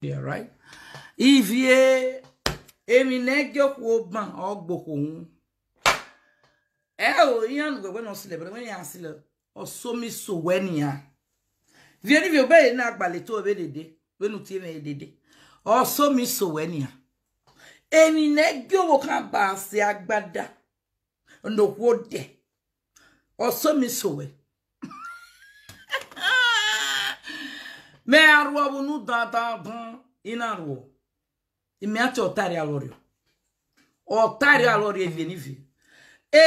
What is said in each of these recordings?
Yeah, right. If ye emine gyoku oban ogboku hun. E o yan gbe na sile bere yan sile o so mi so weni ya. Vi eni vi obe na agbale to obe dede, benu ti me dede. O so mi ya. Emine gyowo kan ba se agbada. Ndo wo de. O so mi Me arwa bunu da da bun inaruo imeacha otari alorio otari alorio evenivi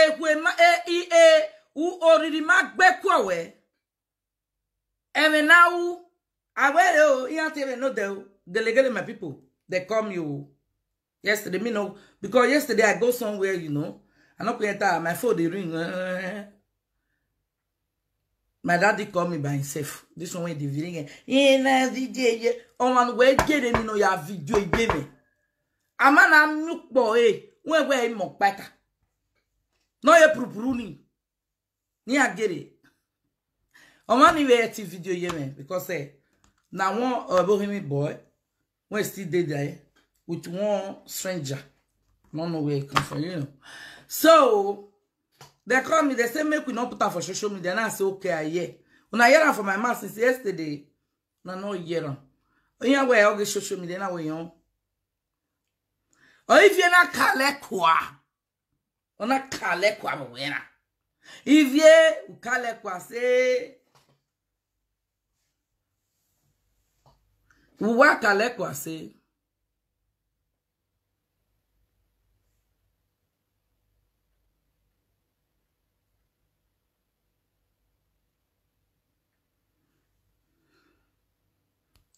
ekwe ma e i e u oriri ma gbekwa we eme u awere o iya tere no de gelegele my people they come you yesterday me know because yesterday i go somewhere you know i no enter my phone dey ring eh, eh, eh my daddy call me by himself this one wey dey video again ina video eye ọmọ nu wee jere nínú ya video eye mi ama na nukpọ boy, where where ẹ mọ pata No, you purupuru ni ní agere ọmọ ni wee ti video eye mi because ẹ eh, na wọn ọbọhimi eh, boy wọn still dey there eh, with one stranger no know where come from you know so. they call me they say make we not put up for social media and i say okay i hear i hear am for my mouth since yesterday no no hear am onye wey oge social media na wey on or if you na kale kwa ona kale kwa mo we na if you kale say uwa kale kwa say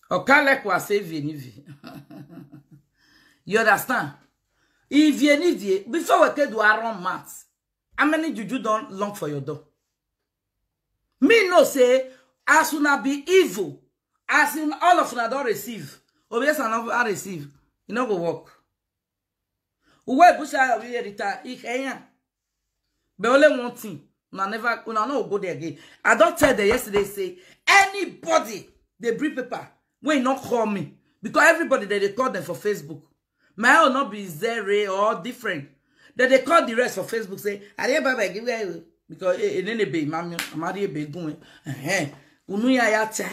Okale kwa se vienivi. you understand? If vienivi, before we can do around own how many juju don't long for your door? Me no say, as una be evil, as in all of na don't receive, obvious and I receive, you no go work. Uwe busha we rita, ikenya. But only one thing, una never, una no go there again. I don't tell them yesterday, say, anybody, they bring paper, wey not call me because everybody that dey call them for facebook my own not be zero or different dem dey call the rest for facebook say ariebaba give you because enenebe eh, eh, imami amariebe gun eh, eh unuyayata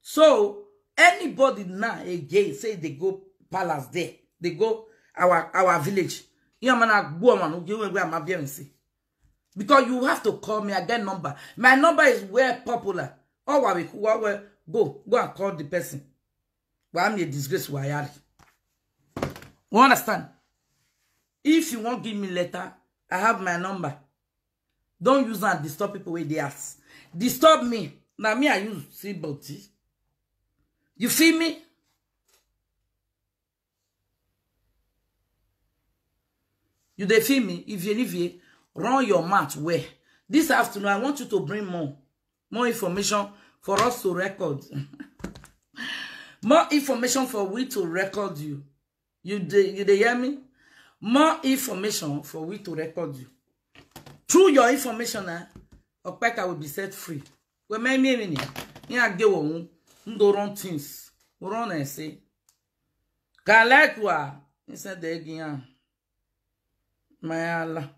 so anybody now again say they go palace there they go our our village because you have to call me again number my number is well popular oh wa we Go, go and call the person. Why am a disgrace? Why are you? You understand? If you won't give me letter, I have my number. Don't use and disturb people with their ass. Disturb me. Now me, I use sympathy. You feel me? You dey feel me? If you leave run your mouth where. This afternoon, I want you to bring more, more information for us to record. More information for we to record you. You de, you de hear me? More information for we to record you. Through your information, uh, Opeka will be set free. We may mean in a give on do wrong things. We run and say. Galetwa instead the again. My Allah.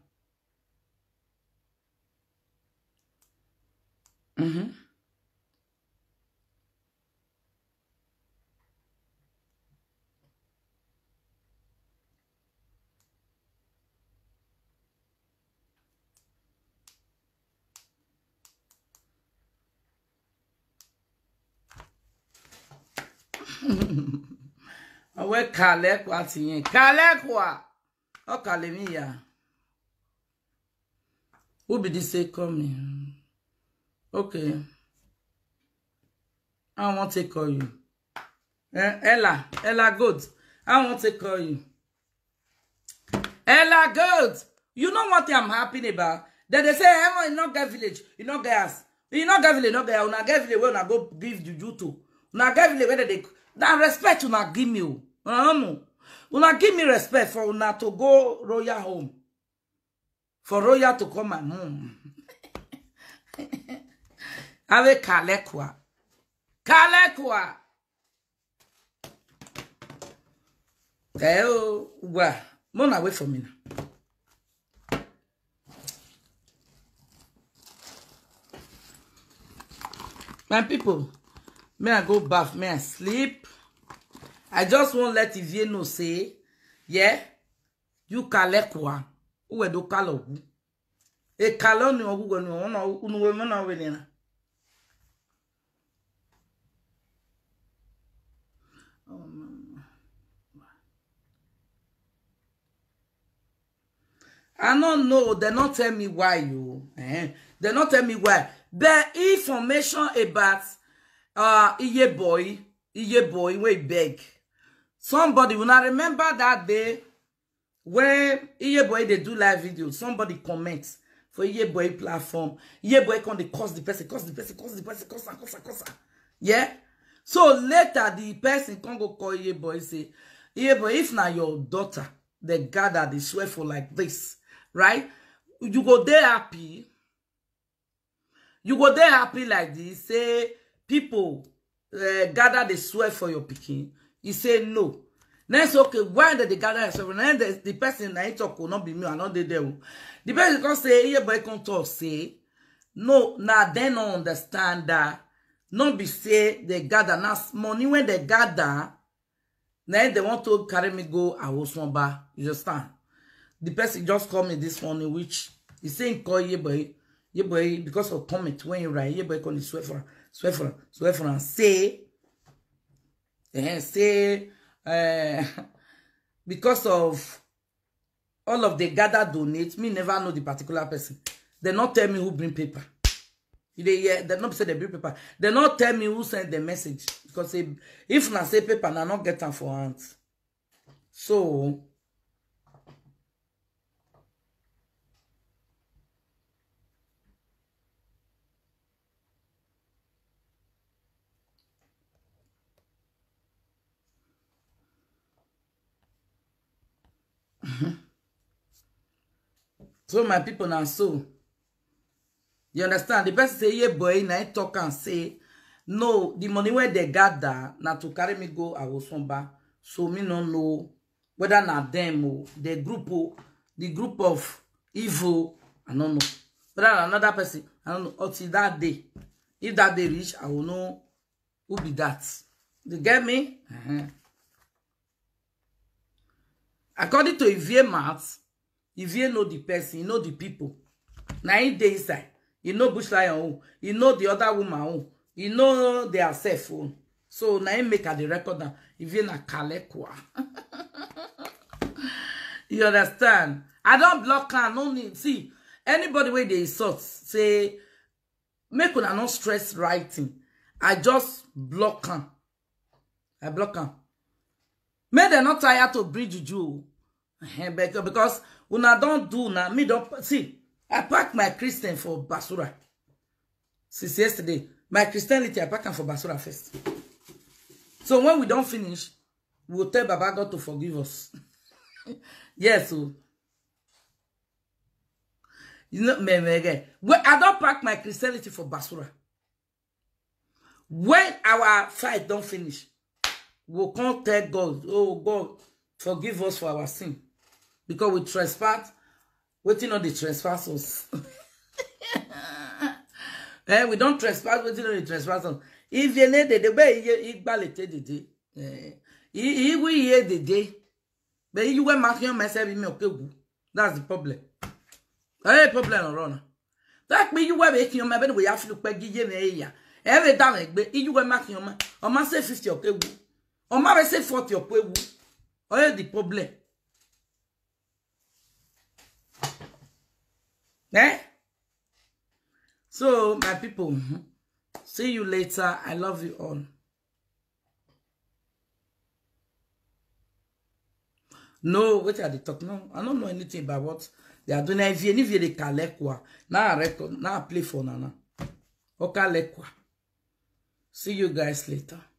Mm-hmm. owe kalekwa tinye kalekwa ọ kalemi ya who be this say call me okay i want to call you eh, ella ella good i want to call you ella good you know what i'm happy about dem they say emma you not get village you not get house you not get village no get not get village wey una go give juju to not get village wey dem dey na respect una give me o. Oh. Amu. Una give me respect for una to go royal home. For royal to come and home. Ave kalekwa. Kalekwa. Keo, ugwa. Mona, wait for me My people, may I go bath, may I sleep i just won't let ivie know say yeah you kalekwa uwe do kalogu e kaloni ogugwe ni ona unuwe mona we ni I don't know. They not tell me why you. Eh? They not tell me why. The information about uh Iye boy, Iye boy, we beg somebody una remember that day wey iyeboy they do live video somebody comments for iyeboy platform iyeboy come dey cause the person cause the person cause the person cause, am curse cause. curse am yeah so later the person can go call iyeboy say iyeboy if na your daughter dem gather dey swear for like this, right you go there happy you go there happy like this. say pipo eh, gather dey swear for your pikin he say no next okay why did they gather yourself and then the the person I talk will not be me i not dey there the person can say here boy come talk say no Now dem no understand that not be say they gather Now money when they gather then they want to carry me go I will awosonba you understand the person just call me this morning which he say call ye boy ye boy because of comment when you write ye boy can it swear for swear for swear for and say Eh, say uh, because of all of the gather donate me never know the particular person they not tell me who bring paper you dey they not say they bring paper they not tell me who send the message because if not say paper I not get am for hand so Uh-huh. so my people now, so you understand the person say ye boy now talk and say no the money where they gather na to carry me go I awosomba so me no know whether na them o the group o the group of evil i don't know but another person i don't know until that day if that day reach i will know who be that you get me uh -huh according to Ivie mouth Ivie know the person he know the people Now him dey inside he know bush lion he know the other woman own he know their self own so now he make her the record now. Ivie na kalekwa you understand i don't block am no need see anybody where they insult say make una no stress writing i just block am i block am May they not tire to bridge you, because una don't do na me don't see i pack my christian for basura since yesterday my christianity i pack am for basura first so when we don't finish we tell baba god to forgive us yes o oh. you know me me again when i don't pack my christianity for basura when our fight don't finish we can't tell God, oh God, forgive us for our sin. Because we trespass, waiting on the trespassers. eh, we don't trespass, waiting on the trespassers. If you need the way you balete the eh, day. He will hear the day. But you were marking myself in me, okay. That's the problem. That's eh, the problem, Rona. That means you were making your bed, we have to pay Gideon. Every time eh, you were marking your man. Ọmọ ṣe 50 okay. On m'a laissé fort au peu vous. On a des problèmes. Eh? So, my people, see you later. I love you all. No, what are they talking? No, I don't know anything about what they are doing. If you need to call it, now I record, now I play for Nana. Okay, let See you guys later.